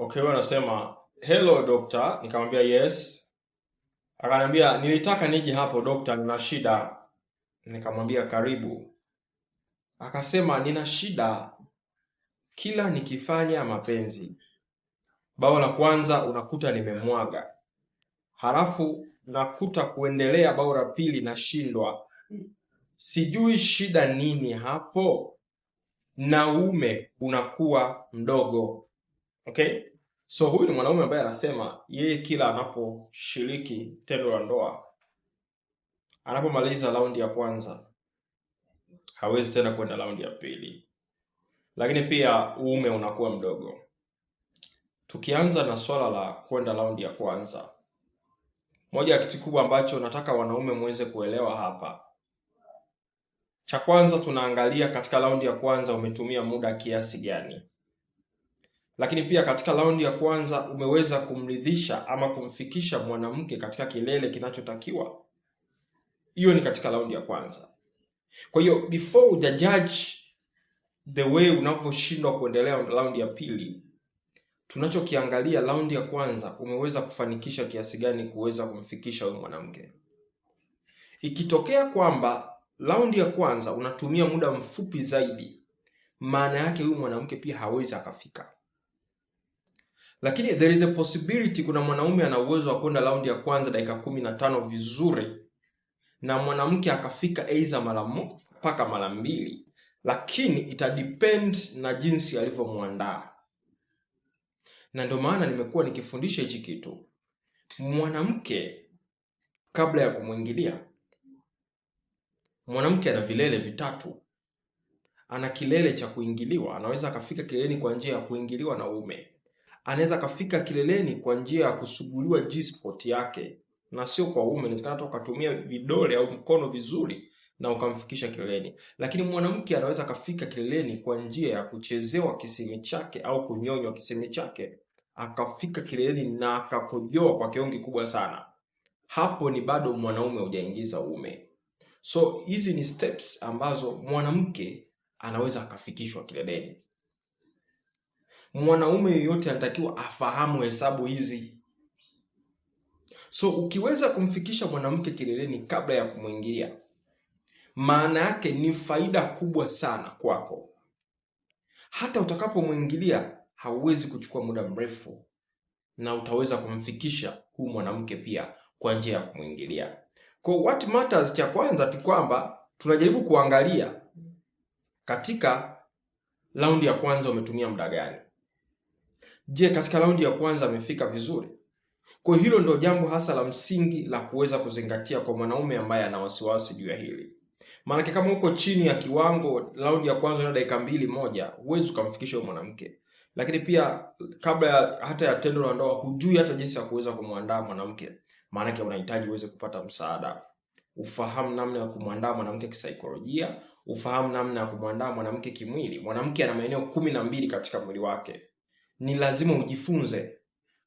Okay, wewe unasema hello doctor. Nikamwambia yes. Akaniambia nilitaka niji hapo dokta, nina shida. Nikamwambia karibu. Akasema nina shida kila nikifanya mapenzi, bao la kwanza unakuta nimemwaga, halafu nakuta kuendelea, bao la pili nashindwa. Sijui shida nini hapo, naume unakuwa mdogo Okay? So huyu ni mwanaume ambaye anasema yeye kila anaposhiriki tendo la ndoa, anapomaliza raundi ya kwanza hawezi tena kwenda raundi ya pili, lakini pia uume unakuwa mdogo. Tukianza na swala la kwenda raundi ya kwanza, moja ya kitu kubwa ambacho nataka wanaume muweze kuelewa hapa, cha kwanza tunaangalia katika raundi ya kwanza umetumia muda kiasi gani lakini pia katika raundi ya kwanza umeweza kumridhisha ama kumfikisha mwanamke katika kilele kinachotakiwa. Hiyo ni katika raundi ya kwanza. Kwa hiyo before uja judge the way unavyoshindwa kuendelea raundi ya pili, tunachokiangalia raundi ya kwanza umeweza kufanikisha kiasi gani kuweza kumfikisha huyo mwanamke. Ikitokea kwamba raundi ya kwanza unatumia muda mfupi zaidi, maana yake huyu mwanamke pia hawezi akafika lakini there is a possibility kuna mwanaume ana uwezo wa kwenda raundi ya kwanza dakika kumi na tano vizuri na mwanamke akafika aidha mara moja mpaka mara mbili, lakini itadepend na jinsi alivyomwandaa. Na ndio maana nimekuwa nikifundisha hichi kitu, mwanamke kabla ya kumwingilia mwanamke ana vilele vitatu. Ana kilele cha kuingiliwa, anaweza akafika kileleni kwa njia ya kuingiliwa na ume anaweza akafika kileleni kwa njia ya kusuguliwa G-spot yake na sio kwa uume. Inawezekana hata ukatumia vidole au mkono vizuri na ukamfikisha kileleni, lakini mwanamke anaweza akafika kileleni kwa njia ya kuchezewa kisimi chake au kunyonywa kisimi chake akafika kileleni na akakojoa kwa kiwango kikubwa sana. Hapo ni bado mwanaume hujaingiza uume. So hizi ni steps ambazo mwanamke anaweza akafikishwa kileleni mwanaume yeyote anatakiwa afahamu hesabu hizi. So ukiweza kumfikisha mwanamke kileleni kabla ya kumwingilia, maana yake ni faida kubwa sana kwako. Hata utakapomwingilia hauwezi kuchukua muda mrefu, na utaweza kumfikisha huu mwanamke pia kwa njia ya kumwingilia. Kwa what matters, cha kwanza ni kwamba tunajaribu kuangalia katika raundi ya kwanza umetumia muda gani. Je, katika raundi ya kwanza amefika vizuri? Kwa hilo ndo jambo hasa la msingi la kuweza kuzingatia kwa mwanaume ambaye ana wasiwasi juu ya hili. Maanake kama uko chini ya kiwango, raundi ya kwanza na dakika mbili moja, huwezi ukamfikisha mwanamke. Lakini pia kabla ya hata ya tendo la ndoa, hujui hata jinsi ya kuweza kumwandaa mwanamke. Maanake unahitaji uweze kupata msaada, ufahamu namna ya kumwandaa mwanamke kisaikolojia, ufahamu namna ya kumwandaa mwanamke kimwili. Mwanamke ana maeneo kumi na mbili katika mwili wake ni lazima ujifunze.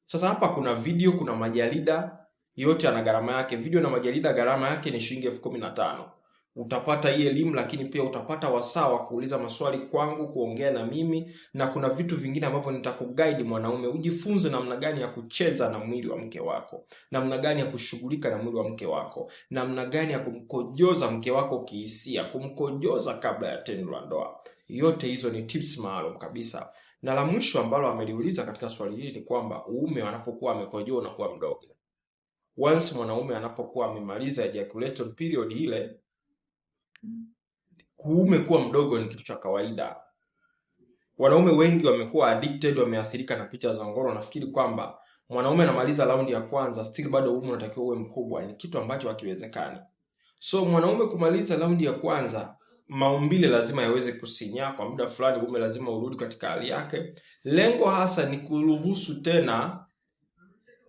Sasa hapa kuna video, kuna majarida yote ana gharama yake. Video na majarida gharama yake ni shilingi elfu kumi na tano. Utapata hii elimu, lakini pia utapata wasaa wa kuuliza maswali kwangu, kuongea na mimi, na kuna vitu vingine ambavyo nitakuguide mwanaume, ujifunze namna gani ya kucheza na mwili wa mke wako, namna gani ya kushughulika na mwili wa mke wako, namna gani ya kumkojoza mke wako kihisia, kumkojoza kabla ya tendo la ndoa. Yote hizo ni tips maalum kabisa na la mwisho ambalo ameliuliza katika swali hili ni kwamba uume anapokuwa amekojoa unakuwa mdogo. Once mwanaume anapokuwa amemaliza ejaculation period ile, uume kuwa mdogo ni kitu cha kawaida. Wanaume wengi wamekuwa addicted, wameathirika na picha za ngoro Nafikiri kwamba mwanaume anamaliza raundi ya kwanza, still bado uume unatakiwa uwe mkubwa, ni kitu ambacho hakiwezekani. So mwanaume kumaliza raundi ya kwanza maumbile lazima yaweze kusinyaa kwa muda fulani, uume lazima urudi katika hali yake. Lengo hasa ni kuruhusu tena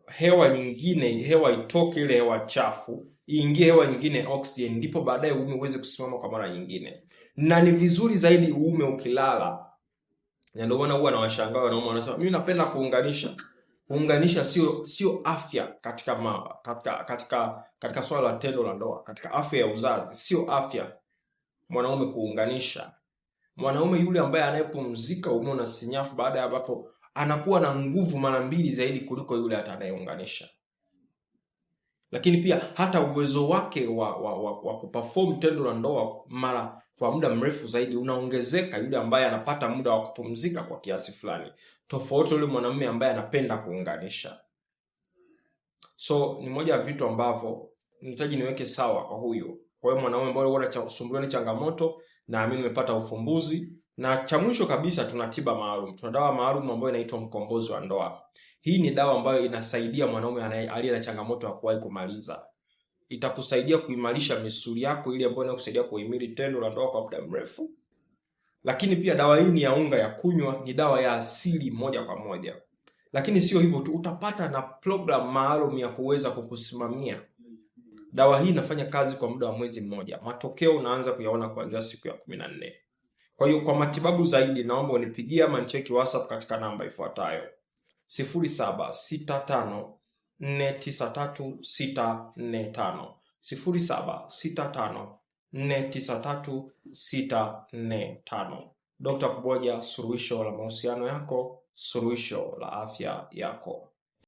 hewa nyingine, hewa itoke, ile hewa chafu iingie hewa nyingine oxygen, ndipo baadaye uume uweze kusimama kwa mara nyingine. Na ni vizuri zaidi uume ukilala, na ndio maana huwa nawashangaa wanaume wanasema mimi napenda kuunganisha. Kuunganisha sio sio afya katika mama, katika katika katika swala la tendo la ndoa, katika afya ya uzazi sio afya mwanaume kuunganisha. Mwanaume yule ambaye anayepumzika umeo na sinyafu baada ya hapo anakuwa na nguvu mara mbili zaidi kuliko yule anayeunganisha Lakini pia hata uwezo wake wa, wa, wa, wa kuperform tendo la ndoa mara kwa muda mrefu zaidi unaongezeka yule ambaye anapata muda wa kupumzika kwa kiasi fulani, tofauti yule mwanamume ambaye anapenda kuunganisha. So ni moja ya vitu ambavyo nahitaji niweke sawa kwa huyu kwa hiyo mwanaume ambaye ulikuwa unasumbuliwa na changamoto, naamini umepata ufumbuzi. Na cha mwisho kabisa, tuna tiba maalum, tuna dawa maalum ambayo inaitwa mkombozi wa ndoa. Hii ni dawa ambayo inasaidia mwanaume aliye na changamoto ya kuwahi kumaliza. Itakusaidia kuimarisha misuli yako ili ambayo inakusaidia kuhimili tendo la ndoa kwa muda mrefu. Lakini pia dawa hii ni ya unga ya kunywa, ni dawa ya asili moja kwa moja. Lakini sio hivyo tu, utapata na program maalum ya kuweza kukusimamia dawa hii inafanya kazi kwa muda wa mwezi mmoja. Matokeo unaanza kuyaona kuanzia siku ya kumi na nne. Kwa hiyo kwa matibabu zaidi, naomba unipigie ama nicheki WhatsApp katika namba ifuatayo 0765493645 0765493645. Dr. Kuboja, suluhisho la mahusiano yako, suluhisho la afya yako.